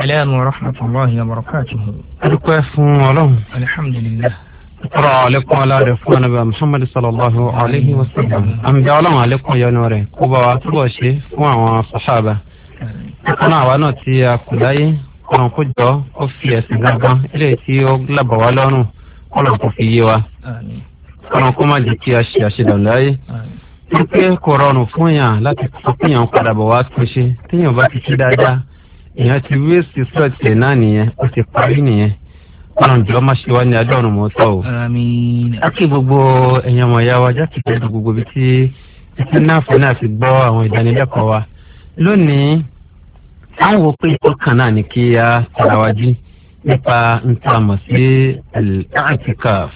السلام ورحمة الله وبركاته الكوافون ولهم الحمد لله ọ̀rọ̀ àlékún aláàrẹ fún anábẹ́ muhammad sallallahu alayhi wa sallam àmì ọlọ́run àlékún yọnu rẹ̀ kó bá wa túbọ̀ ṣe fún àwọn sàhábà ọ̀nà àwa náà ti àkùdáyé ọ̀nà kó jọ ó fi ẹ̀sìn gángan eléyìí tí ó lábà wá lọ́rùn ọ̀nà kò fi yé wa ọ̀nà kó má jẹ́ kí a ṣe àṣedànù láyé wípé kò rọrùn fún yàn láti sọ pé yàn ń padà bọ̀ wá tó ṣe téèyàn bá ti ṣe dáadáa èèyàn ti wéèsì sọ́ọ̀tì ẹ̀ náà nìyẹn ó ti parí nìyẹn ọlọ́run jọ máa ṣe wá ní adọ́run mọ́tọ́ o. ákè gbogbo ẹ̀yàn ọmọ ìyá wa jákèjì ọdún gbogbo bíi tí títí náà fún náà ti gbọ́ àwọn ìdánilẹ́kọ̀ọ́ wa lónìí àwọn wo pé ìtọ́ kan náà ni kí a tara wa jí nípa nta mọ̀ sí al-i'tikaf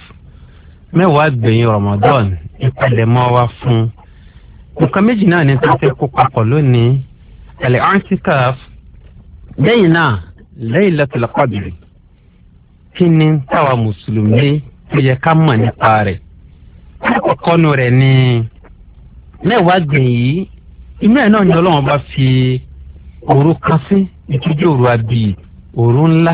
mẹ́wàá gbẹ̀yìn Ramadan ìpalẹ̀mọ́ wa fún nǹkan méjì náà ni tó fẹ́ kó papọ̀ lónìí al-i'tikaf lẹ́yìn náà lẹ́yìn lẹ́tọ̀lá kọ́bìrì kí ni táwa mùsùlùmí tó yẹ ká mọ̀ nípa rẹ̀ kọ́nù rẹ̀ ni mẹ́wàá gbìn yìí inú ẹ̀ náà ni ọlọ́wọ́n bá fi òru kan sí ìtújú òru àbí òru ńlá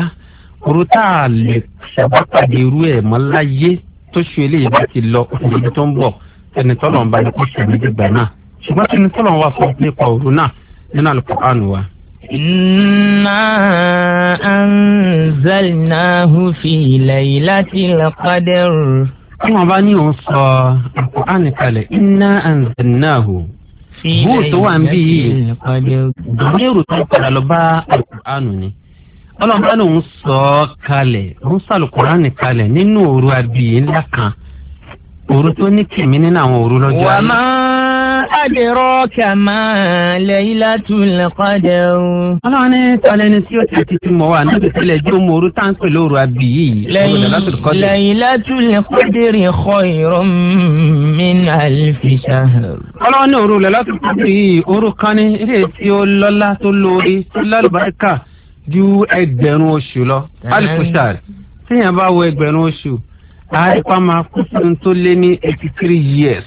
òru tá a lè ṣàbápàdé irú ẹ̀ mọ́ láyé tó ṣe eléyìí bá ti lọ òṣèlú tó ń bọ̀ ẹni tọ́lọ̀ bá ní kó ṣàmì dìgbà náà ṣùgbọ́n tí ẹni tọ́lọ̀ ń fún nípa òru náà nínú àlùkò àánú wa. إنا أنزلناه في ليلة القدر wọ́n bá ní òun sọ àkùránì kalẹ̀ iná àǹzẹ̀nàhù bóò tó wà ń bí yìí gbọ́nẹ́rù tó padà lọ bá àkùránì ni ọlọ́run bá lóun sọ ọ́ kalẹ̀ òun sàlùkùránì kalẹ̀ nínú òru abiyì ńlá kan òru tó ní kìmí adraka ma laylatul qadr. ọlọ́run ní tọ́lẹ̀ ní tí ó ti ti ti níbi tilẹ̀ jó moru táǹpẹ̀ lóru àbí yìí. laylatul qadr khayrun min alfi shahr. ọlọ́run ní òru laylatul qadr yìí òru kan ní ilé tí ó lọ́lá tó lórí lálùbáríkà ju ẹgbẹ̀rún oṣù lọ alfi tíyẹn bá wo ẹgbẹ̀rún oṣù àìpá máa kú tó lé ní eighty three years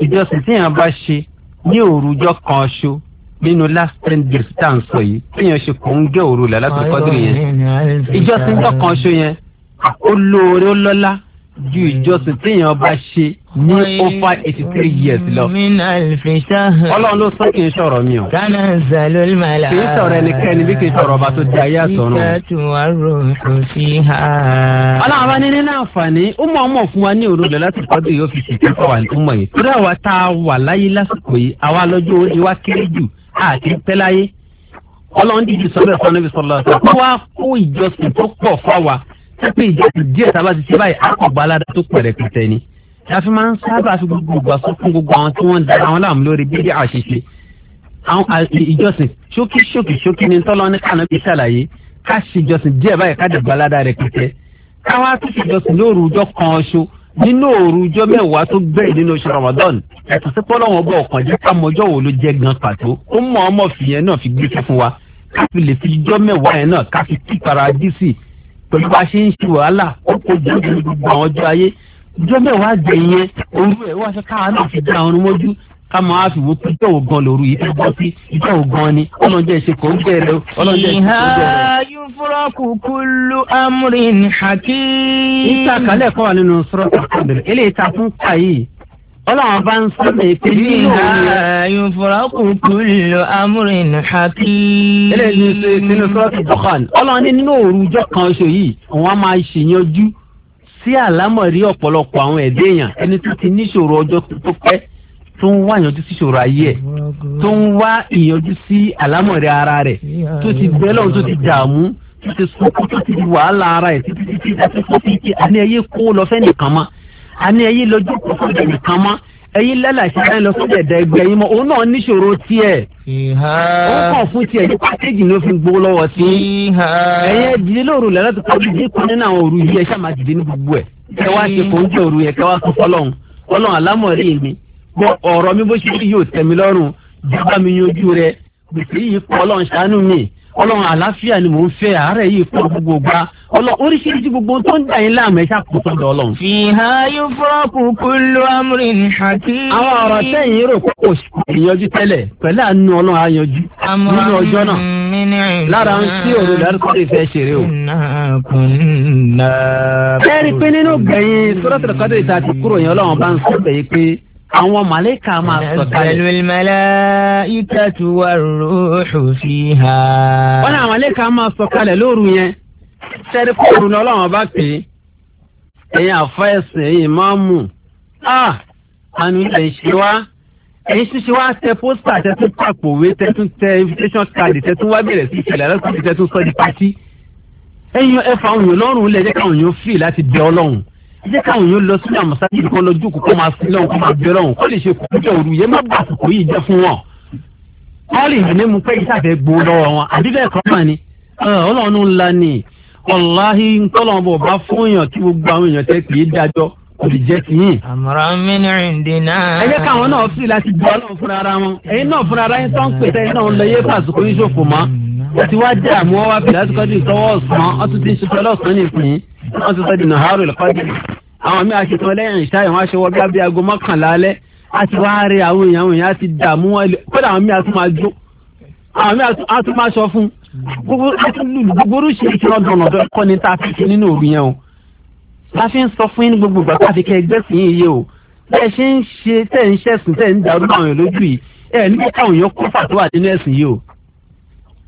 ìjọsìn tí yàn bá ṣe ní òrùjọ kan ṣo nínú last ten days tá à ń sọ yìí tí yàn ṣe kò ń gé òru làlátò kọ́dúrì yẹn ìjọsìn tó kan ṣo yẹn ó ó lọ́lá ju ìjọsìn téèyàn bá ṣe ní over eighty three years lọ. ọlọ́run ló sọ kì í sọ̀rọ̀ mi o. kánà zalo mala. kì í sọ̀rọ̀ ẹnikẹ́ni bí kì í sọ̀rọ̀ ọba tó di ayé àtọ̀run. ìgbà tó wà ròhùn sí ha. ọlọ́run bá ní nínú àǹfààní ó mọ̀ ọmọ fún wa ní òru lọ láti tọ́jú yóò fi ṣètò ìfọwà ní ọmọ yìí. kúrẹ́ àwa tá a wà láyé lásìkò yìí àwa lọ́jọ́ orí wa kéré jù àti pẹ́ láyé. ọlọ́run dídì sọ pé ìjàpè díẹ̀ tá a bá ti ṣe báyìí á kàn gba aládàá tó pẹ̀rẹ̀ pẹ̀tẹ̀ ni láfi máa ń sábà fi gbogbo ìgbà sọ fún gbogbo àwọn tí wọ́n ń da àwọn láàmú lórí bíbí àṣìṣe àwọn ìjọsìn ṣókí ṣókí ṣókí ni tọ́lọ́ ní kànáà fi ṣàlàyé ká ṣe ìjọsìn díẹ̀ báyìí ká dẹ̀gbà aládàá rẹ̀ pẹ̀tẹ́ káwá tó ṣe ìjọsìn lóru ọjọ́ kan ọṣọ nínú òru ọjọ́ mẹ́wàá tó gbẹ̀yìn nínú oṣù Ramadan ẹ̀sùn sí pọ́lọ́wọ́n bọ̀ ọ̀kan jẹ́ ká mọjọ́ wo ló jẹ́ gan pàtó ó mọ̀ ọmọ fìyẹn náà fi gbé fún wa ká fi lè fi ọjọ́ mẹ́wàá yẹn náà ká fi kíkara dísì pẹ̀lú bá a ṣe ń ṣe wàhálà ó kojú ojú gbogbo àwọn ọjọ́ ayé ọjọ́ mẹ́wàá gbẹ̀yìn yẹn òru ẹ̀ wá sọ káwa náà fi dá ọrùn mójú ká máa fi wò pé ìjọ́ ògan lòru yìí tó gbọ́ sí ìjọ́ ògan ni ọlọ́njẹ́ ṣe kò ń bẹ̀rẹ̀ ọlọ́njẹ́ ṣe kò ń bẹ̀rẹ̀. ìhà yúfúrọ́kù kúlú amúrin hakim. ìtàkàlẹ̀ kọ́ wà nínú sọ́rọ́ ọlọ́run bá ń sábẹ̀ pé ní ìhà yunfuraku kullu amrin hakim. eléyìí ṣe nínú sọ́ọ̀tì dọ́kàn ọlọ́run ní nínú òru ọjọ́ kan oṣù yìí wọ́n máa ṣèyànjú sí àlámọ̀rí ọ̀pọ̀lọpọ̀ àwọn ẹ̀dẹ́ èèyàn ẹni tó ti níṣòro ọjọ́ tó pẹ́ tó ń wá ìyànjú sí ìṣòro ayé ẹ̀ tó ń wá ìyànjú sí àlámọ̀rí ara rẹ̀ tó ti bẹ́ẹ̀ lọ́run tó ti dààmú tó ti sunkún tó ti wàhálà ara àní ẹ̀yin lójú kò sóde nìkan mọ́ ẹ̀yin lẹ́làṣẹ́ ẹ̀ lọ sóde ẹ̀dá ẹgbẹ́ yín mọ́ òun náà níṣòro tiẹ̀ ó kàn fún tiẹ̀ ní pàkéjì ló fi gbowó lọ́wọ́ sí ẹ̀yin ẹ̀dìdí lóru lẹ́lá tó kọjú dé kan nínú àwọn òru yìí ẹ̀ ṣáà dìde ní gbogbo ẹ̀ kẹ́ wá ṣe kò ń jẹ́ òru yẹn kẹ́ wá sọ fọlọ́run ọlọ́run àlámọ̀rí mi bọ́ ọ̀rọ̀ mi bó ṣe yóò tẹ̀ lọ́rùn jábàá mi yanjú rẹ̀ gbèsè yìí kọ́ ọlọ́run ṣàánú mi ọlọ́run àlàáfíà ni mò ń fẹ́ àárẹ̀ yìí pọ̀ gbogbo gba ọlọ́run oríṣiríṣi gbogbo tó ń dà yín láàmú ẹ̀ṣá kò sọ́dọ̀ ọlọ́run. fi ha yóò fọ́ọ̀kù kullu amrin hakim. àwọn ọ̀rọ̀ sẹ́yìn rò kò ìyanjú tẹ́lẹ̀ pẹ̀lú àánú ọlọ́run àyanjú nínú ọjọ́ náà lára ń tí òru lárúkọ́rì fẹ́ ṣeré o. ẹ rí i pé nínú gbẹ̀yìn sọ́dọ̀ àwọn màlẹ́kà máa sọ kalẹ̀. ẹ̀sẹ̀lú màláíkà tó wà rúùhù fíhà. wọ́n ní àwọn màlẹ́kà máa sọ kalẹ̀ lóru yẹn sẹ́rí kóòrù ni ọlọ́run bá pè é ẹ̀yin àfẹ́sẹ̀ ẹ̀yin máàmù àánú ah! ilẹ̀ ìṣe wá ẹ̀yin ṣíṣe wá tẹ pósítà tẹ́tún pàpòwé tẹ́tún tẹ invitation card tẹ́tún wá bẹ̀rẹ̀ sí ìṣẹ̀lẹ̀ alẹ́kùnrin tẹ́tún sọ́ di pátí ẹ̀yin ẹ̀fà òyìn lọ́rùn lẹ́jẹ́ káwọn èèyàn fì láti bẹ ọlọ́run jẹ́ káwọn yóò lọ sílẹ̀ àmọ́sájì kan lọ jókòó kó máa sílẹ̀ òun kó máa bẹ̀rẹ̀ òun kó lè ṣe kòkòjọ òru yẹn má bà kòkò yìí jẹ́ fún wọn. wọ́n lè yìn ní pé ìsàfẹ́ gbó lọ́wọ́ wọn àdídẹ́ ẹ̀kọ́ mà ni ọlọ́run ńlá ni wàláhì ńkọ́lọ́n bò bá fún èèyàn kí gbogbo àwọn èèyàn tẹ́ kì dájọ́ kò lè jẹ́ tìyìn. àmọ̀ràn mi ní ìdènà. ẹ wọ́n ti wá jẹ́ àmú wọn wá fìlà síkọ́dì tọwọ́ ọ̀sán wọ́n ti ń lọ́sàn-án nìpín wọ́n ti sọ́dì nà hàrù lọ́kọ́dì àwọn míì aṣetán lẹ́yìn ìṣá ìwọ̀n aṣọ wọ́n bíi aago mọ́kànlá alẹ́ a wá rí àwọn èèyàn àwọn èèyàn ti dààmú wọn lé kódà àwọn míì a máa jó àwọn míì a máa sọ fún gbogbo a lùlù gbogbo oríṣi ti rán dọ̀nà dọ̀ kọ́ni tá a yẹn kó pàtó àdínú ẹ̀sìn yìí o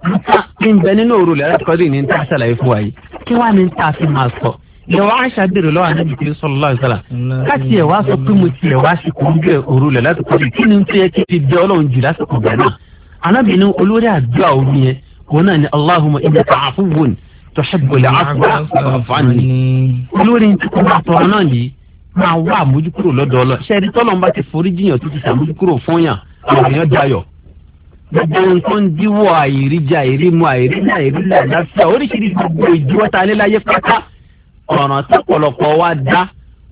nta ń bẹ nínú òru lẹ́yìn àtúkọ́dé ní nta ṣàlàyé fún wa yìí kí wàá ní nta fi máa sọ ìyàwó àṣà bèrè lọ́wọ́ àná bìtì sọ́lá ìsàlà káàtì ẹ̀ wá sọ pé mo ti ẹ̀ wá sí kúndé òru lẹ́yìn àtúkọ́dé kí ni tó yẹ kí fi bẹ ọlọ́run jù lásìkò gbà náà anábìnrin olórí àdúrà omi yẹn òun náà ni aláhùnmọ́ ìjà tààfù wọn tọ́ṣẹ́bùlẹ̀ àfọwọ́fọ́ni olórí àtọ̀rọ̀ náà yìí máa wá àmójúkúrò lọ́dọ̀ ọlọ́ gbogbo ohun tó ń díwọ́ àìríjà àìrímu àìrílà àìrílà àdáfíà oríṣiríṣi gbogbo ìdíwọ́ ta lé láyé pátá ọ̀ràn tọ́pọ̀lọpọ̀ wa dá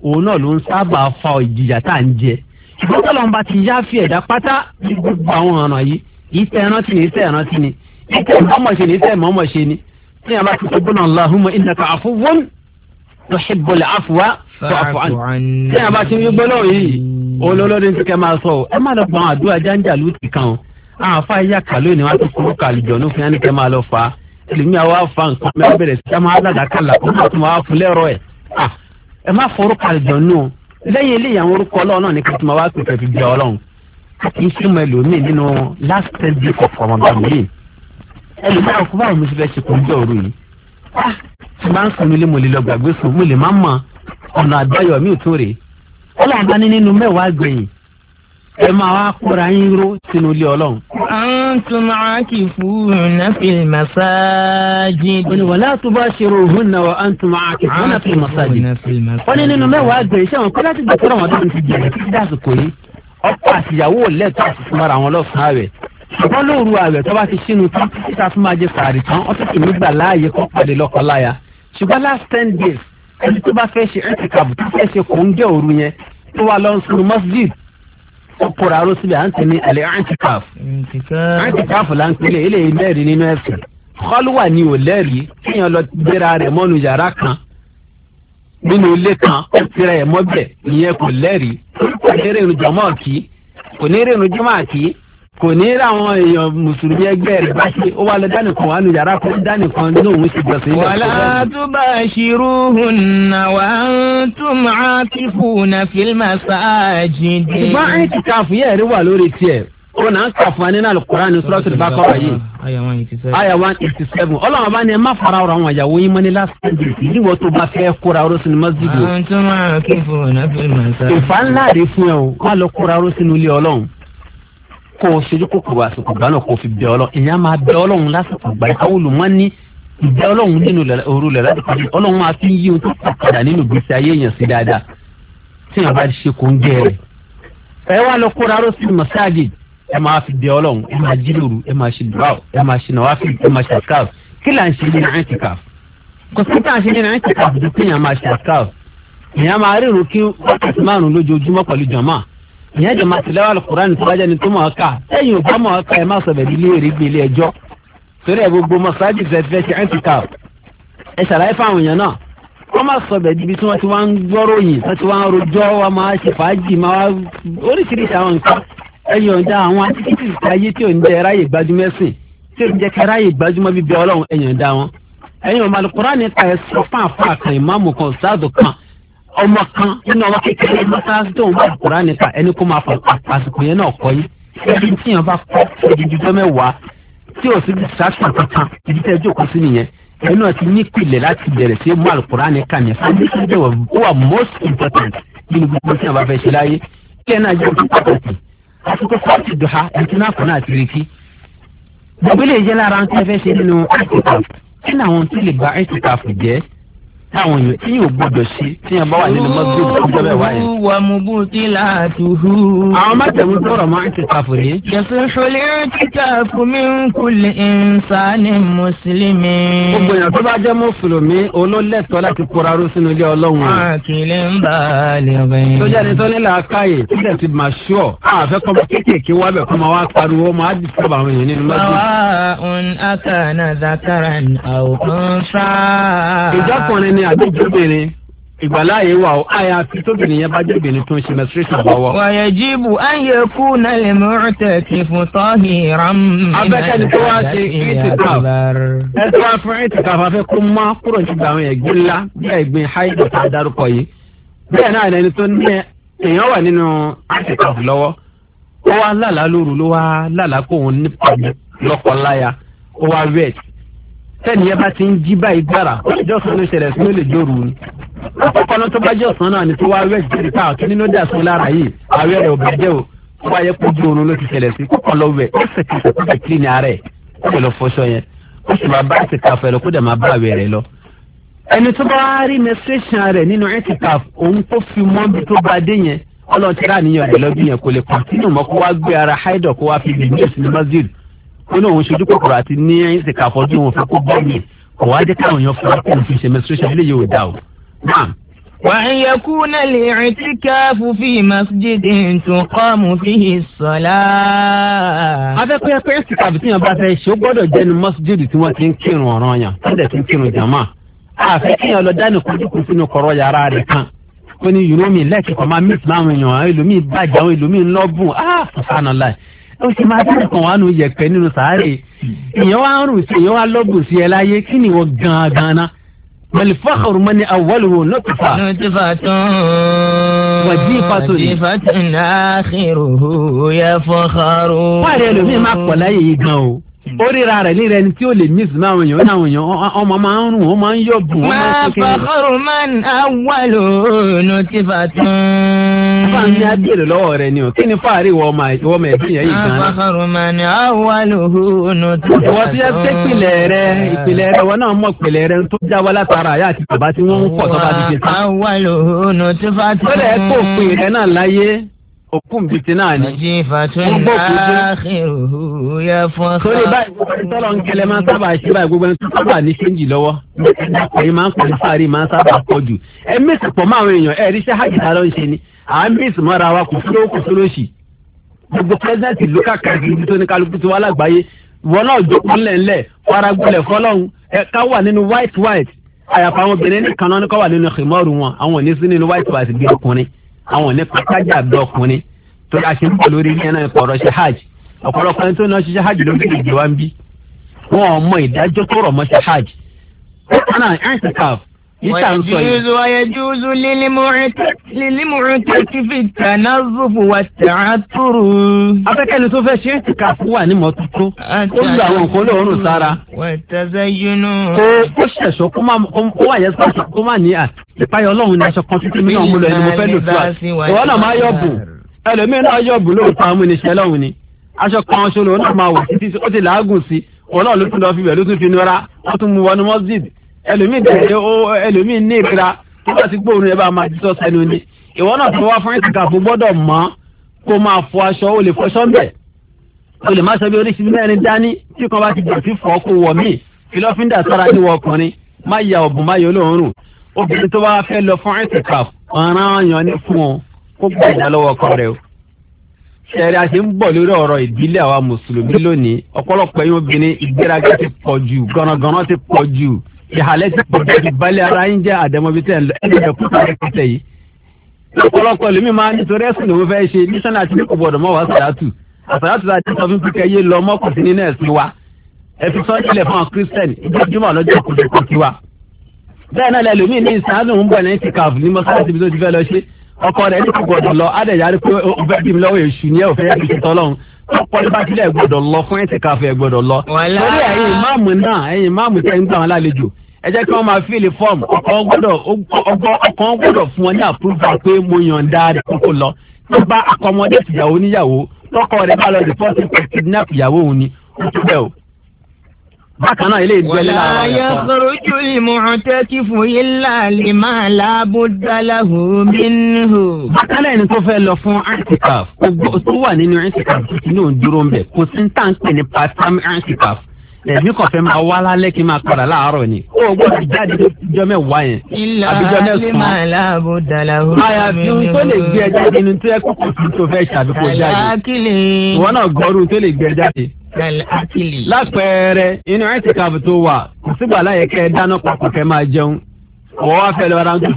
òun náà ló ń sábà fa ìjìyà tá à ń jẹ ṣùgbọ́n tọ́lọ́run bá ti yáfi ẹ̀dá pátá ní gbogbo àwọn ọ̀ràn yìí ìtẹ̀ ẹrántí ni ìtẹ̀ ẹrántí ni ìtẹ̀ mọ́mọ́ṣe ni ìtẹ̀ mọ́mọ́ṣe ni ní àbá ti sọ gbọ́nà Allahumma innaka afuwwun tuhibbul afwa fa'fu anni ní àbá ti ń gbọ́ lọ́wọ́ yìí olólórí ti kẹ́ máa sọ ẹ má lọ gbọ́n àdúrà jáńjà lùtì kan o àfa ìyá kàló ni wọn ti kúrú kàlùjọ ní fún yẹn ní kẹ máa lọ fa ẹlòmíà wà fa nǹkan mẹ́rin bẹ̀rẹ̀ sí ká máa dàgbà kàlà kó máa tún máa fún lẹ́rọ ẹ̀ ẹ má fọrú kàlùjọ nù lẹ́yìn eléyà ń orúkọ ọlọ́run náà ní kí tuma wá pèpè fi jẹ ọlọ́run kí n súnmọ́ ẹlòmíì nínú last ten day kọ̀ọ̀kan ọmọdé yìí ẹlòmíà kó báwo mo ti fẹ́ ṣe kó jẹ́ òru yìí tí bá ń sùn nílé mo lè lọ gbàgbé sùn mo lè má mọ ọ̀nà àbáyọ mi ẹ máa wá kóra yín ró sínú ilé ọlọ́run. àwọn tó máa kì fún nàfìlì màsáàjì. ó ní wàlá tó bá ṣe ro òhun náà wà á tó máa kì fún nàfìlì màsáàjì. ó ní nínú mẹ́wàá gbèrè iṣẹ́ wọn kí láti gbà tó ràwọn dáhùn ti jẹ̀rẹ̀ títí dásìkò yìí. ọkọ àtìyàwó lẹ́tọ̀ àti súnmọ́ra àwọn lọ́sàn-án rẹ̀. ṣùgbọ́n lóru àwẹ̀ tó bá ti sínú tán títa tó máa jẹ sàárì tán ó tún kìí gbà láàyè kó pàdé lọ́kọ ó kóra aró sílẹ̀ à ń tẹ̀lé àlẹ́ antikaf antikaf là ń pèlè eléyìí mẹ́rin nínú ẹ̀fẹ̀ kọ́lùwà ni ò lẹ́rìí kéèyàn lọ gbéra rẹ̀ mọ́nu yàrá kan nínú ilé kan ó tira ẹ̀ mọ́bẹ̀ ìyẹn kò lẹ́rìí kò ní rìnrìn jọmọ́ kí kò ní rìnrìn jọmọ́ kí kò ní ráwọn èèyàn mùsùlùmí ẹgbẹ́ rẹ̀ bá ṣe ó wà lọ dánìkan wà nù yàrá kó dánìkan ní òun sì gbọ̀sẹ̀ ilẹ̀ ọ̀sẹ̀ náà. wàlá tó bá hùnà wà ń tún máa ti fúnà fílmà sáàjì dé. ṣùgbọ́n àyè ti káàfù yẹ̀ rí wà lórí tiẹ̀ ó náà ń káàfù wa nínú alukoran ní sọ́ọ́sì bá kọ́ wáyé. aya one eighty seven ọlọ́run bá ní ẹ má fara ọ̀rọ̀ àwọn ìyàwó yín mọ́ ní lásán ìdí wọ́n tó bá fẹ́ kóra ọ̀rọ̀ mọ́sídìí. àwọn tó máa kí fún ọ̀nà fílmà sáà. ìfà ńlá rè fún ẹ o má lọ kóra ọ̀rọ̀ ilé ọlọ́run kó o ṣojú kòkòrò àsìkò gbà náà kó o fi bẹ ọlọ ìyá máa bẹ ọlọ́run lásìkò gbà yìí àwọn olùmọ ní ìbẹ ọlọ́run nínú òru rẹ láti pàdé ọlọ́run máa fi yí ohun tó pàpàdà nínú gbèsè ayé èèyàn sí dáadáa tí yàrá bá ṣe kó ń gẹ rẹ. ẹ wá lọ kóra ró sí mọ́sáàgì ẹ máa fi bẹ ọlọ́run ẹ máa jí ẹ máa ṣe dùráù ẹ máa ṣe nàwáfì ẹ máa ṣe àkáàf kí là ń ṣe nínú àìtìkáf kò sí tá à ń ṣe nínú àìtìkáf ju kéèyàn máa ṣe àkáàf èèyàn máa rí ìrùkí wákàtí márùn lójoojúmọ́ pẹ̀lú jọ̀máà ìyẹn jẹ máa tìlẹ́wà alukurani tó bájá ni tó máa kà ẹ̀yin ò bá máa kà ẹ̀ máa sọ̀bẹ̀ di ilé èrè gbélé ẹjọ́ torí ẹ̀ gbogbo mọ̀sáájì fẹ́fẹ́ ṣe ẹ̀ǹtì kà ẹ̀ ṣàlàyé fáwọn èèyàn náà wọ́n máa sọ̀bẹ̀ di ibi tí wọ́n ti wá ń gbọ́rọ̀ yìí wọ́n ti wá ń rojọ́ wọ́n máa ṣe fàájì máa oríṣiríṣi àwọn nǹkan ẹ̀yin ọ̀dà àwọn atikítì ayé tí ò ń jẹ́ ráyè gbajúmọ̀ ẹ̀sìn tí ò ń ọmọ kan nínú ọmọ kékeré mọ́sáàsì tó ń bá kúrá nípa ẹni kó máa fà àsìkò yẹn náà kọ́ yín ẹni tí yẹn bá kọ́ ìdíjú tó mẹ́wàá tí ò sí distraction kankan ìdí tẹ́ jókòó sí nìyẹn ẹni náà ti ní ìpìlẹ̀ láti bẹ̀rẹ̀ sí mú àlùkùrá ní kàmí foundation jẹ́ ó wà most important nínú gbogbo tí yẹn bá fẹ́ ṣe láyé ilẹ̀ náà jẹ́ òkú pàtàkì àsìkò fáàtì dùhà ẹ̀tí náà kọ́ náà ti retí gbogbo ilé ìjẹ́ lára ń tẹ́ fẹ́ ṣe nínú àìsíkà kí àwọn tí lè gba àìsíkà fò jẹ́ táwọn èèyàn tí yóò gbọdọ̀ sí tí yẹn bá wà nínú mọ́tò ìjọba bẹ́ẹ̀ wáyé. wà mú bú tí làátùhù. àwọn májèmú tọrọ máa ń ti tàfù ní. jẹ̀sùn ṣọlẹ̀ títà fún mi ń kulẹ̀ ìnsánì mùsùlùmí. gbogbo èèyàn tó bá jẹ́ mùsùlùmí olólẹ́tọ̀ọ́ láti kóra ró sínú ilé ọlọ́run. àkìlẹ̀ ń bá a lè rìn. sójà ni tọ́ni là á káyè tíjẹ̀ ti máa ṣọ́ àfẹ́ kọ́ kéékèèké wá bẹ̀ kọ́ máa wá pariwo máa dì sí àwọn èèyàn nínú mọ́tò. báwa ń akànnà ìjọkùnrin ni àbíjúbìnrin ìgbàláyé wà ó àyàfi tóbìnrin yẹn bá jẹ́bìnrin tó ń ṣe menstruation lọ́wọ́. wàyẹ̀ jíìbù ayé kú náà lè mú ọ̀tẹ̀ tí fún tọ́hì ram. abẹ́kẹ́ni tó wá ṣe ìtìkàf ẹ tó wá fún ìtìkàf afẹ́ kó má kúrò nígbà àwọn ẹ̀gbin ńlá bí ẹ̀gbin haid tá a dárúkọ yìí. bẹ́ẹ̀ náà ẹni tó ní èèyàn wà nínú ìtìkàf lọ́wọ́ ó wá lálàá lóru ló wá lálàá kóun nípa lọ́kọ tẹ́ni yẹn bá ti ń jí báyìí gbára ó lè jọ́sán ló ṣẹlẹ̀ sí ló lè jòrò ni. àkọ́kọ́ náà tó bá jọ̀sán náà ni tó wá rẹ̀ jẹ́rìí ká àtúní ló dà sún lára yìí ààrẹ rẹ̀ ò bá jẹ́ o tó bá yẹ kó ju oorun ló ti ṣẹlẹ̀ sí kókò lọ wẹ̀ ó sì ti sẹ̀kọ́ bẹ̀ kí ni ààrẹ ó lè lọ fọṣọ yẹn ó sì máa bá ìtìkáfù rẹ̀ kó dẹ̀ máa bá àwẹ̀ rẹ̀ lọ. ẹni tó bá rí menstruation rẹ̀ nínú ìtìkáfù òun kó fi mọ́ bí tó bá dé yẹn ọlọ́ọ̀tí rà níyàn rẹ̀ lọ́dún yẹn kò lè pàtínù mọ́ kó wá gbé ara haidọ̀ kó wá ó ní òun ṣojú kòkòrò àti ní ìsìnkà àfọ́jú òun fẹ́ kó bọ́ kò wá jẹ́ káwọn èèyàn fún ọkùnrin fi ṣe menstruation ilé yìí ò dá o. وأن يكون الاعتكاف في مسجد تقام فيه الصلاة. afẹ́kọ́ yẹ pé ẹ̀sìkàbí tí yẹn bá fẹ́ ṣe ó gbọ́dọ̀ jẹ́ ní mọ́sídìdì tí wọ́n ti ń kírun ọ̀ràn yẹn tó dẹ̀ ti ń kírun jàmá. àfẹ́ kí yẹn lọ dání kojúkun sínú kọ̀rọ̀ yàrá rẹ̀ kan. ó ní yòró mi lẹ́kẹ̀kọ́ máa mí ó sì máa dára kan wà nù yẹ̀pẹ̀ nínú sàárè èèyàn hmm. wá rùn sí èèyàn wá lọ́gùn sí ẹ láyé kí ni wọ́n gan gan-an bẹ̀lì fọ́ọ̀rù mọ́ni àwọ̀lùwò nọ́tìfà. nọ́tìfà tán. wàjí ìfàtò ni. wàjí ìfàtò ní àkìrò yẹ fọ́ọ̀rù. wàá rẹ lómi máa pọ̀ láyé yìí gan o hmm. ó ríra rẹ̀ ní rẹ̀ tí ó lè miss náà àwọn èèyàn náà èèyàn ọmọ máa ń rùn ó máa ń yọ̀ bùn. máa fọ́ọ̀rù mọ́ni àwọ̀lùwò nọ́tìfà tán àfa ń yá béèrè lọ́wọ́ rẹ ni o kí ni fáàrí wọ ọmọ ẹ̀dín yẹn yìí gan-an. àfàrùmọ̀nì àwàlùhùnù tó dà tó. ìwọ tí yẹ ṣe ìpìlẹ̀ rẹ ìpìlẹ̀ rẹ wọn náà mọ̀ ìpìlẹ̀ rẹ tó já wa látara àyà àti bàbá tí wọ́n ń pọ̀ tó ti fi sá. àwàlùhùnù tó bá ti fi. ó lẹ̀ kó òpin rẹ náà láyé òkun bìtì náà ni. ọjì ìfàtún láàkìrù yẹ fún. torí báyìí sọ́lọ́ ń kẹlẹ́ máa sábà ṣe báyìí gbogbo ẹni tó sábà ní à ń bísí mọ́ra wa kò fúló kò fúló sí gbogbo pẹ́sẹ́ǹtì ló kàkàkiri ibi tó ní kálukú ti wá lágbàáyé wọn náà jókòó ńlẹ̀ńlẹ̀ faragbọ́lẹ̀ fọlọ́hún ẹ wà nínú white white àyàfà àwọn obìnrin nìkan náà ní ká wà nínú ximọ́ọ̀rù wọn àwọn ò ní sí nínú white white bí ọkùnrin àwọn ò ní pátájà bí ọkùnrin tó a ṣe ń bọ̀ lórí yẹn náà ọ̀rọ̀ ṣe hajj ọ̀pọ̀lọpọ̀ ẹni tó náà ṣiṣẹ́ hajj ló fi ìgbé wa ń bí wọn ò mọ ìdájọ́ tó rọ̀ mọ́ ṣe hajj. ẹ̀ka náà ẹ̀ka ويجوز ويجوز للمعتكف التنظف والتعثر. afẹ́kẹ́ni tó fẹ́ ṣe é ti ka fún wa ní mọ́tótó ó lu àwọn nǹkan olóòórùn sára. wẹ̀tẹ̀sẹ̀yìnú. kó kó ṣẹ̀ṣọ́ kó má kó wà yẹn sáṣọ kó má ní à ìpayọ̀ ọlọ́run ní aṣọ kan títí mi náà mú lọ ẹni mo fẹ́ lò tó à. ìwọ náà máa yọ̀ bù ẹlòmíràn náà yọ̀ bù lóòótọ́ amúniṣẹ́ lọ́hùn ni aṣọ kan ṣoṣo lòun náà máa wọ̀ títí ó ti làágùn sí ọlọ́run ló tún lọ fi bẹ̀ ló tún fi nira ó tún mu wọnú mọ́sídìí ẹlòmíì tẹ̀lé ó ẹlòmíì ní ìpira tó bá ti gbóòórùn ẹ bá máa jí sọ́sẹ́ ló ní ìwọ náà tó wá fún ìtìkà fún gbọ́dọ̀ mọ́ kó máa fọ aṣọ ó lè fọ sọ́ńbẹ̀ ó lè má sọ bí oríṣi mẹ́rin dání tí kan bá ti gbà sí fọ́ kó wọ̀ míì fìlọ́fíńdà sára níwọ̀ ọkùnrin má ya ọ̀bùn má yọ olóòórùn obìnrin tó bá fẹ́ lọ fún ìtìkà ọ̀ràn yàn o ṣẹ̀rí a ṣe ń bọ̀ lórí ọ̀rọ̀ ìbílẹ̀ àwa mùsùlùmí lónìí ọ̀pọ̀lọpọ̀ yín obìnrin ìgbéraga ti pọ̀ jù gánagànà ti pọ̀ jù ìhàlẹ́ ti pọ̀ jù balẹ̀ ara yín jẹ́ àdẹ́mọ́bí tẹ̀ lọ ẹni bẹ̀ kúta rẹ̀ kúta yìí. ọ̀pọ̀lọpọ̀ lèmi máa nítorí ẹ̀sìn lòun fẹ́ ṣe ní sànà àti ní kò gbọ́dọ̀ mọ́ wá sàràtù àsàràtù láti sọ fún pípẹ́ yé lọ mọ́kùn sí nínú ẹ̀sìn wa ẹ fi sọ́ọ́ ilẹ̀ fún àwọn kírísítẹ́nì ìjọ jùmọ̀ lọ́jọ́ kùtùkù wa bẹ́ẹ̀ náà lẹ́lòmí ọpọlọ bá tilẹ̀ gbọ́dọ̀ lọ fún ẹ̀sìn káfẹ́ gbọ́dọ̀ lọ. lórí ẹ̀yin ìmáàmù náà ẹ̀yin ìmáàmù tẹ̀ ń gbà wọn lálejò ẹ jẹ́ kí wọ́n máa fíìlì fọ́ọ̀mù ọkàn gbọ́dọ̀ fún ọ ní àpúrúfà pé mo yọ̀ǹda rẹ̀ kókó lọ tó bá akọmọdé tìyàwó níyàwó tọkọ rẹ̀ bá lọ rìpọ́tì kìdínàpù ìyàwó òun ni ó ti bẹ́ẹ̀ o bákan náà ilé ìgbẹ́lẹ́ láàárọ̀ ẹ̀fọ́. wàlá yakhruju al-mu'takifu illa lima la budda lahu minhu. bákan náà ẹni tó fẹ́ lọ fún antikaf tó wà nínú antikaf tó ti ní òun dúró ń bẹ̀ kò sí ní tàǹkì ní part antikaf ẹ̀mí kan fẹ́ máa wá lálẹ́ kí n máa padà láàárọ̀ ni. ó gbọ́dọ̀ jáde jọ mẹ́wàá yẹn. ìlà alimalahu dalahu. àyà fi ohun tó lè gbé ẹja nínú tó yẹ kókò tó tó fẹ́ ṣàbíkó jáde. ìwọ náà gbọ́rù tó lè gbé ẹja dé. lápẹẹrẹ inú ẹ̀ ti tó wà kò sígbà láyé kẹ́ ẹ dáná papọ̀ kẹ́ máa jẹun. ọ̀wọ́ wa fẹ́ tó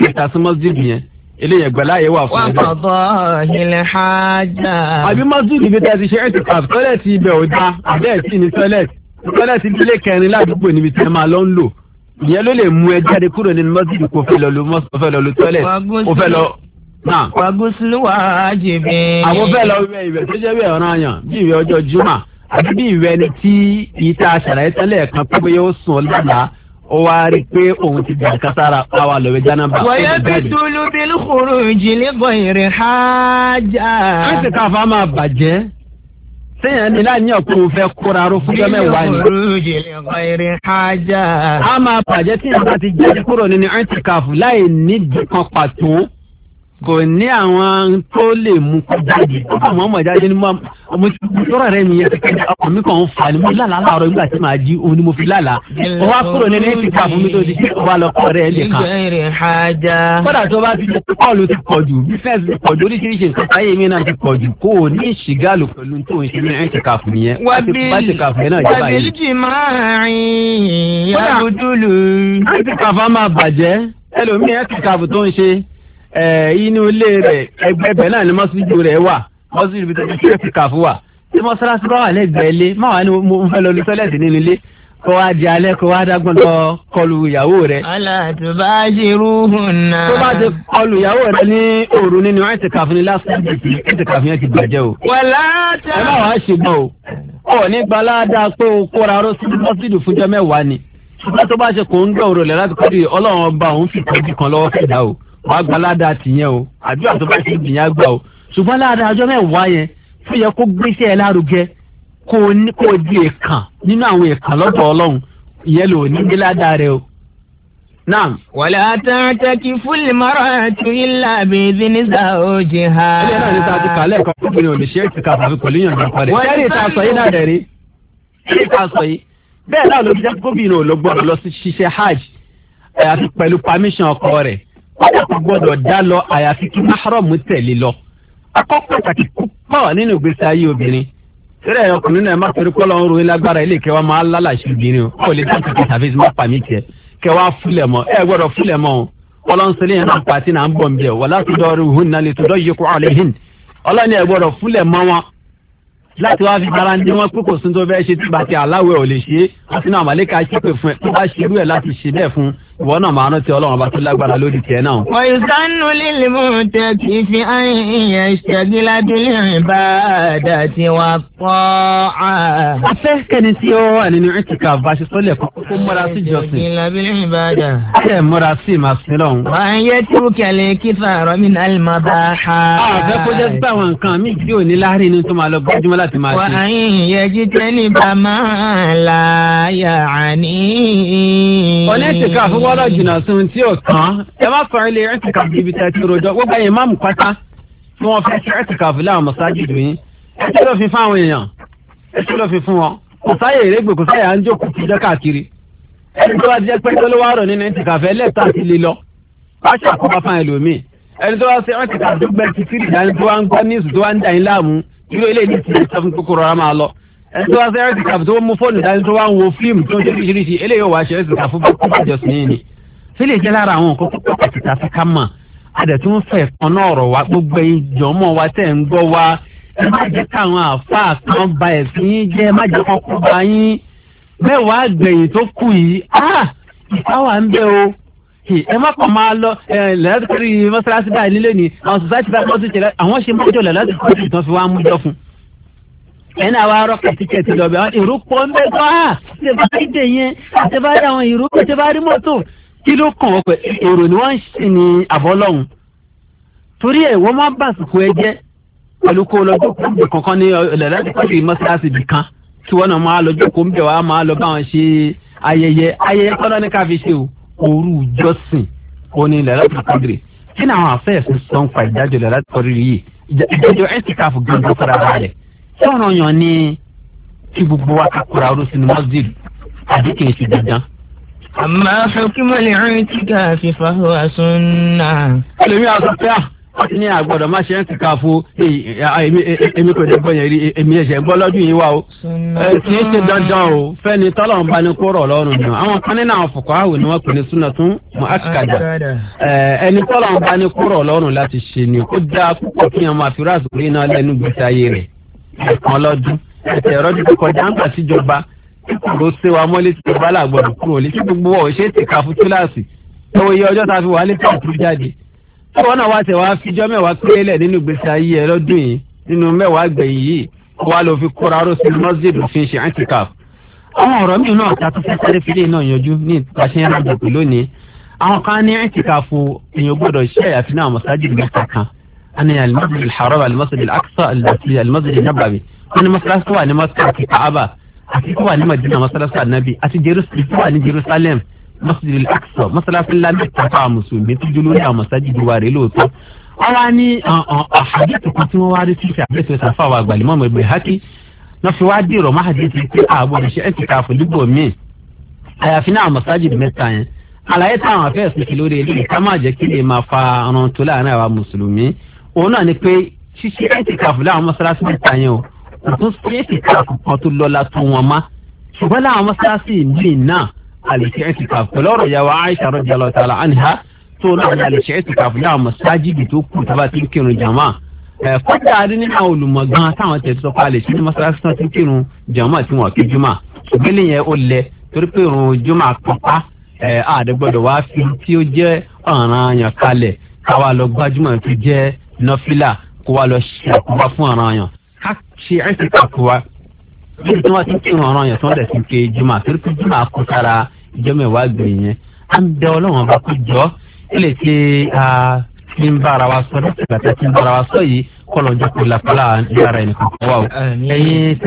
fẹ́ jẹ eléyìí ẹgbẹ̀lá yẹn wà fún ẹ. wà á bọ̀ ilẹ̀ hájà. àbí masjid ibi tẹ́ ti ṣe ẹ̀sìn kàf tọ́lẹ̀tì ibẹ̀ ò da àbẹ́ẹ̀ sì ní tọ́lẹ̀tì tọ́lẹ̀tì ilé kẹrin ládùúgbò níbi tí ẹ máa lọ ń lò ìyẹn ló lè mú ẹ jáde kúrò nínú masjid kò fẹ́ lọ lu mọ́sọ̀ fẹ́ lọ lu tọ́lẹ̀tì kò fẹ́ lọ náà. wàgùsùlù wàjìbì. àwọn fẹ́ lọ wẹ ìwẹ̀ tó jẹ́ wẹ̀ ọ̀ràn yàn bí ìwẹ̀ ọjọ́ juma àti bí ìwẹ̀ ni tí ìta àṣàrà ẹ̀ ó wá rí i pé òun ti dàn kására àwa lọ́wọ́ jánábà. wọ́yẹ́ bí tulu bí lukuru ìjìnlẹ̀ bọ̀ ìrìn hájà. wọ́n ti ká fa máa bàjẹ́ sẹ́yìn ni láàyè kó o fẹ́ kóra ró fúnjọ́ mẹ́wàá ni. lukuru ìjìnlẹ̀ bọ̀ ìrìn a máa bàjẹ́ tí ìyá ti jáde kúrò nínú ẹ̀ńtìkàfù láì ní kan pàtó kò ní àwọn tó lè mú kó jáde àwọn ọmọ ìjáde ni mo ti tọrọ rẹ mi yẹn ti kẹjá ọkọ mi kàn ń fa ni mo lálà láàárọ̀ nígbà tí màá jí òun ni mo fi lálà ó wá kúrò ní ní ìfipá fún mi tó di ó wá lọ kọ rẹ ẹ nìkan. kódà tó bá ti di kọ́ọ̀lù ti pọ̀ jù bífẹ́ǹsì ti pọ̀ jù oríṣiríṣi nǹkan táyé mi náà ti pọ̀ jù kó o ní ìṣìgáàlù pẹ̀lú tó ń ṣe ní inú ilé rẹ̀ ẹgbẹ́ bẹ́ẹ̀ náà ni mọ́sídìí rẹ̀ wà mọ́sídìí ibi tó ti ṣe fìkà fún wa tí mọ́sálásí bá wà lẹ́gbẹ̀ẹ́ ilé má wà ní mo fẹ́ lọ lu tọ́lẹ̀tì nínú ilé kó wá di alẹ́ kó wá dágbọ́n lọ kọlu ìyàwó rẹ̀. alàtúbà ṣe rúhùn náà. tó bá ti kọlu ìyàwó rẹ̀ ní òru nínú ẹ̀ ti kàfin ní lásán jìjì ẹ̀ ti kàfin yẹn ti bàjẹ́ o. wàlá tẹ. ẹ bá wàá ṣègbọn o. ọ nígbà ládàá pé o kóra aró sí mọ́sídìí fúnjọ́ mẹ́wàá ni. tó bá ṣe kò ń gbọ́ òrò lẹ́ láti kọ́ di ọlọ́run ọba òun fi kọ́jú kan lọ́wọ́ fẹ̀dá o wàá gba ládàá tìyẹn o àdúrà tó bá ṣe ìgbìyàn àgbà o ṣùgbọ́n ládàá ọjọ́ mẹ́wàá yẹn tó yẹ kó gbéṣẹ́ ẹ lárugẹ kó o di èèkàn nínú àwọn èèkàn lọ́dọ̀ ọlọ́run ìyẹn ló ní gbé ládàá rẹ o. Naam. Wàlá tàǹtàkì fúlì mọ́rọ̀ tu ilà bíi zinisa òjì ha. Ilé náà ní sáà ti kàlẹ́ ẹ̀kọ́ fúnbìnrin ò lè ṣe é ti kàfà pẹ̀lú ìyànjú Bẹ́ẹ̀ náà ló fi jẹ́ gómìnà ò lọ lọ sí ṣiṣẹ́ hajj àti pẹ̀lú pàmíṣàn ọkọ rẹ̀ kódà kò gbọdọ̀ lọ àyàfi kí mahram tẹ̀lé lọ. akọ́ pàtàkì kó nínú ìgbésí ayé obìnrin. sẹ́rẹ̀ ọkùnrin náà má torí kọ́lọ́ ń ròyìn lágbára ilé kẹwàá máa lálàṣẹ obìnrin o kò lè dá kàkà tàbí má pa mí tiẹ̀ kẹwàá fúlẹ̀ mọ́ ẹ gbọdọ̀ fúlẹ̀ mọ́ o kọ́lọ́nsẹ́lẹ̀ yẹn náà pàtí náà ń bọ̀ nbẹ̀ wala láti wá fi gbára tó fẹ́ ṣe tí é àti náà màlẹ́ka ṣépè fún wọ́n náà máa rántí ọlọ́run bá tún lágbára lórí tiẹ̀ náà. wọ́n ìsánú lílì mú tẹ kì í fi àyìnyẹn ṣẹ́gílá dúlé rìn bá àdá tí wọ́n pọ̀ á. afẹ́ kẹ́ni tí ó wà nínú ìtìkà báṣẹ sọ́lẹ̀ kó múra sí jọ́sìn. ṣẹ́gílá dúlé rìn bá àdá. ẹ múra sí màá sí lọ́hùn. wọ́n á yẹ tí ó kẹlẹ̀ kí fàárọ̀ mi náà lè má bá a. àfẹ́ kó jẹ́ sípà wọn nǹkan mi tí ò ní láàrin inú tó máa lọ gbájúmọ́ láti máa gbọ́dọ̀ jìnnà sun tí ò tán ẹ má sọ ilé ẹ̀ǹtìkà bíbi tẹ́ ti rojọ́ gbogbo ẹ̀yìn máàmù pátá tí wọ́n fẹ́ ṣe ẹ̀ǹtìkà fúlẹ̀ àwọn mọ̀sáàjì dùn yín ẹ ti lọ́ fi fún àwọn èèyàn ẹ ti lọ́ fi fún wọn kò sáyè ìrégbè kò sáyè à ń jókòó jẹ́ káàkiri ẹni tó bá jẹ́ pé tó ló wá rọ̀ nínú ẹ̀ǹtìkà fẹ́ lẹ́ẹ̀ta ti lè lọ bá ṣàkóbá ẹni tó wá sí ẹrẹ́sì kàfù tó mú fóònù dání tó wá ń wo fíìmù tó ń ṣe oríṣiríṣi eléyìí wàá ṣe ẹrẹ́sì kàfù bá kúkú jọ sùn ní sílẹ̀ jẹ́ lára àwọn nǹkan pàtàkì tá a fi ká mà àdẹ̀tún fẹ̀ kan náà ọ̀rọ̀ wa gbogbo yín jọ̀mọ́ wa tẹ̀ ń gbọ́ wa ẹ má jẹ́ káwọn àáfàá kan ba ẹ̀sìn yín jẹ́ ẹ má jẹ́ kan kú ba yín mẹ́wàá gbẹ̀yìn tó kù yìí ah, ìfáwà ń bẹ o ẹ má kàn máa lọ lẹ́yìn tó mọ́sálásí báyìí nílé ni àwọn sòsáìtì bá kọ́ sí ìṣẹ̀lẹ̀ àwọn ṣe mọ́jọ́ lẹ́yìn tó fi wá mú jọ fún un ẹni àwa arọ́kà tíkẹ́ẹ̀tì lọ́bẹ̀ àwọn ìrú pọ̀ ń bẹ́ gbọ́ à ṣe bá rí dè yẹn ṣe bá rí àwọn ìrú ṣe bá rí mọ́tò kí kàn wọ́pẹ̀ èrò ni wọ́n ń ṣe ní àbọ́lọ́hún torí ẹ̀ wọ́n máa ń bàṣìkò ẹ jẹ́ pẹ̀lú kó lọ́jọ́ kó ń bẹ̀ kankan ní ọ̀lẹ́dàdì pàṣẹ mọ́ṣáláṣí bì kan tí wọ́n náà máa lọ́jọ́ kó ń bẹ̀ wá máa lọ bá wọn ṣe ayẹyẹ ayẹyẹ tọ́lọ́ ní káfí ṣe o òru ìjọsìn òní lẹ́lẹ́dàdì pàṣẹ kí ni àwọn àfẹ́ ẹ̀sìn sọ́n pa ìdájọ́ lẹ́lẹ́dàdì pàṣẹ yìí ìdájọ́ ẹ̀ káfù gbọ́dọ̀ fara balẹ̀ tí ọ̀ràn yàn ni tí gbogbo wa ká kura ọdún sínú masjid àbí kì í ṣe dandan. àmọ́ akíkúmọ̀ lè rìn tí ká fi fa àsun náà. ẹlòmí àṣọ pé ah, wọ́n ti ní àgbọ̀dọ̀ má ṣe ń kíkà fún èmi kò dé gbọ́ yẹn rí èmi ẹ̀ṣẹ̀ ń gbọ́ lọ́dún yìí wá o. kì í ṣe dandan o fẹ́ni tọ́lọ̀ ń bá kó rọ̀ lọ́rùn nù. àwọn kan nínú àwọn fòkàn àwìn ni wọ́n pè ní súnà tún mọ́ àkàdà. ẹni tọ́lọ̀ ń bá kó rọ̀ lọ́rùn láti ṣe ni ó dáa púpọ̀ kí wọ́n máa fi ráàsì orí náà lẹ́nu gbèsè ayé rẹ̀ ẹ̀kan lọ́dún ẹ̀tẹ̀ ọ̀rọ̀dún tó kọjá ń gbà síjọba kò ṣe wa mọ́lé tí ìjọba là gbọ́dọ̀ kúrò lé tí gbogbo ọ̀ ṣe é ti ka fún kíláàsì tó iye ọjọ́ tá a fi wà lé káàkiri jáde tó wọn náà wá tẹ̀ wá fíjọ́ mẹ́wàá péré lẹ̀ nínú ìgbésí ayé ẹ lọ́dún yìí nínú mẹ́wàá gbẹ̀yìn yìí kó wá lọ fi kóra ró sí mọ́sídìí òfin ṣe àǹtí àwọn ọ̀rọ̀ mi náà ta tó fẹ́ sáré fílẹ̀ náà yanjú ní ìpàṣẹ ìrìnàjò pẹ̀lú àwọn kan ní àǹtí káf أن المسجد الحرام المسجد الأقصى المسجد النبوي أنا مسألة سواء أنا مسألة الكعبة أتكوى أنا مدينة مسألة سواء النبي أتكوى أنا جيروسالم مسجد الأقصى مسألة في الله مكتفى مسلمين تجلون يا مساجد واري لوتو àwa ní àhàdìtì kan tí wọ́n wá rí sí àbẹ́sẹ̀ sàfà wa àgbàlímọ́ ọmọ ìgbè hákì náà fi wá dèrò máhàdìtì pé ààbò ìṣe ẹ̀ ti ta àfojúbọ̀ míì àyàfi náà mọ̀sájìdì mẹ́ta yẹn àlàyé táwọn afẹ́sùn kìlórí eléyìí ká má jẹ́ kí lè máa fa ọ̀ràn tó láàárín àwa mùsùlùmí òun náà ni pé ṣíṣe ẹ̀ẹ́tìkàfù láwọn mọ́ṣáláṣí mẹ́ta yẹn o kò tún sí ẹ̀ẹ́tìkàfù kan tó lọ́la tó wọn má ṣùgbọ́n láwọn mọ́ṣáláṣí míì náà àlèṣe ẹ̀ẹ́tìkàfù pẹ̀lú ọ̀rọ̀ ìyàwó Aisha radiyallahu ta'ala anha tó náà ní àlèṣe ẹ̀ẹ́tìkàfù láwọn mọ́ṣáájì tó kù tó bá ti ń kírun jàmá kọ́jà adé nínú àwọn olùmọ̀gán táwọn tẹ̀ sọ pé àlèṣe ní mọ́ṣáláṣí tó ti ń kírun jàmá tí wọ́n kí jùmọ̀ ìgbélé yẹn ó nọfìlà kó wa lọ ṣe àkóbá fún ọ̀ràn yàn ká ṣe ẹ̀sìn kàkó wa níbi tí wọ́n ti ń kírun ọ̀ràn yàn tí wọ́n dẹ̀ ti ń ké jùmọ̀ torí pé jùmọ̀ kó sára ìjọba ìwà gbìn yẹn à ń bẹ ọlọ́wọ́n bá kó jọ ó lè ṣe fi ń bára wa sọ láti gbàtà fi ń bára wa sọ yìí kọlọ̀ jẹ́ kó làkọ́lá yàrá ẹnì kankan wa o. ẹ̀yin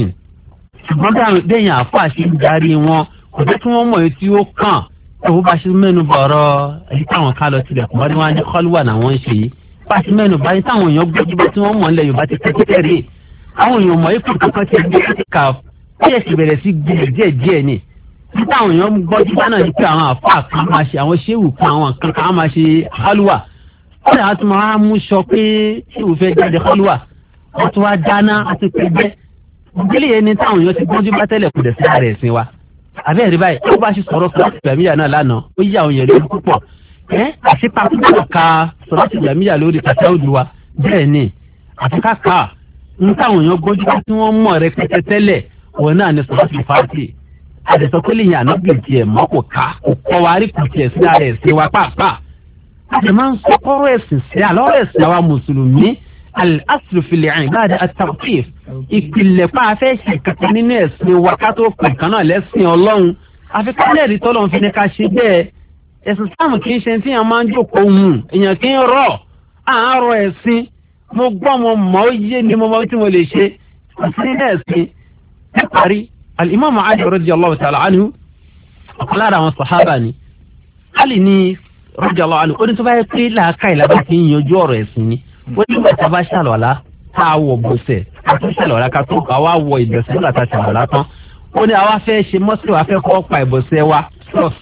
tẹ́ ṣùgbọ́n táwọn déyìn àfa ṣe ń darí wọn kò jẹ́ kí wọ́n mọ̀ èyí tí ó kàn tó bá ṣe mẹ́nu bọ̀rọ̀ èyí táwọn ká lọ tilẹ̀ kùmọ́rí wọn á ní kọ́lùwà làwọn ń ṣe yìí bá ṣe mẹ́nu báyìí táwọn èèyàn gbójúbọ́ tí wọ́n mọ̀ nílẹ̀ Yorùbá ti tẹ́tẹ́ rí àwọn èèyàn mọ̀ ikú kankan ti gbé ká bẹ́ẹ̀ sì bẹ̀rẹ̀ sí gbìyànjú díẹ̀ díẹ̀ ni bí táwọn èèyàn gbọ́júbọ́ náà ni pé àwọn àfa kan máa ṣe àwọn ṣéwù kan àwọn kan máa ṣe kọ́lùwà kọ́lẹ̀ àtúmọ̀ á mú sọ pé ṣéwù fẹ́ jáde kọ́lùwà wọ́n tún wá dáná àti pẹ́gbẹ́ ìdílé yẹn ni táwọn èèyàn ti gbọ́njú bá tẹ́lẹ̀ kù dẹ̀sí ààrẹ ẹ̀sìn wa àbẹ́ rí báyìí ó bá ṣe sọ̀rọ̀ sọ̀rọ̀tì jàmíyà náà lánàá ó yí àwọn èèyàn lórí púpọ̀ ẹ́ àti pàtó ka sọ̀rọ̀tì jàmíyà lórí kàtà òdu wa bẹ́ẹ̀ ni àti káka ń táwọn èèyàn gbọ́njú bá tí wọ́n mọ̀ rẹ pẹ́tẹ́ tẹ́lẹ̀ náà ni sọ̀rọ̀tì fàtì àdẹ̀sọ́kẹ́lẹ̀ yẹn ànábì tiẹ̀ mọ́ kò ká kò kọ́ wa rí kò tiẹ̀ sí ààrẹ ẹ̀sìn wa pàápàá àti máa ń sọ kọ́rọ̀ ẹ̀sìn sí àlọ́rọ̀ ẹ̀sìn àwa mùsùlùmí al-aslu fil ibada at-tawqif ìpìlẹ̀ pa afẹ́ ṣe kankan nínú ẹ̀sìn wa ká tó pè kan náà lẹ́sìn ọlọ́run àfikún lẹ́rìí tọ́lọ́run fi ní ká ṣe bẹ́ẹ̀ ẹ̀sìn sáàmù kì í ṣe tí èèyàn máa ń jókòó hùn èèyàn kì í rọ̀ àárọ̀ ẹ̀sìn mo gbọ́ mo mọ̀ ó yé ni mo mọ̀ tí mo lè ṣe ọ̀sìn ní ẹ̀sìn ni wọ́n nígbà tá a bá ṣàlọ́lá tá a wọ̀ bọ̀sẹ̀ ká tó ṣàlọ́lá ká tó àwa wọ ìbọ̀sẹ̀ nígbà tá a ṣàlọ́lá tán ó ní àwa fẹ́ ṣe mọ́sílẹ̀ wa fẹ́ kọ́ pa ìbọ̀sẹ̀ wa plus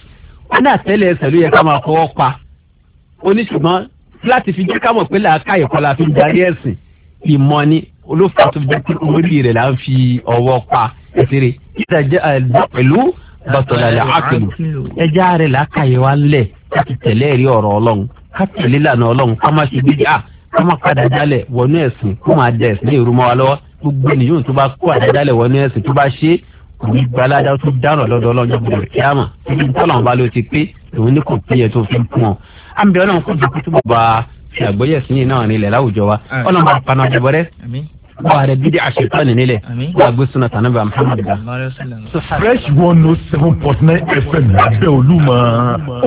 ó ní àtẹ́lẹ̀ ẹsẹ̀ ló yẹ ká máa kọ́ pa ó ní ṣùgbọ́n láti fi jẹ́ ká mọ̀ pé làákà ìkọlà fi darí ẹ̀sìn ìmọ̀ ni olófà tó fi jẹ́ pé orí rẹ̀ là ń fi ọwọ́ pa ẹ̀sẹ̀rẹ̀ ìtajà pẹ̀lú bàtọ̀làlẹ̀ àkìlù ká má padà dálẹ̀ wọnú ẹ̀sìn kó máa dẹ̀ ẹ̀sìn ní ìrúmọ́ wa lọ́wọ́ gbogbo ènìyàn tó bá kó àdádálẹ̀ wọnú ẹ̀sìn tó bá ṣe kò ní gbalájà tó dáná lọ́dọ̀ ọlọ́jọ́ gbọdọ̀ kí á mọ̀ ibi tọ́lọ̀ bá ló ti pé òun ní kò péye tó fi ń pọ̀ àmì ọlọ́run kò jẹ́ kó tó bá ṣe àgbọ́yẹ̀ sí yìí náà nílẹ̀ láwùjọ wa ọlọ́run bá paná ọ̀dẹ̀bọ̀rẹ́ fresh one oh fm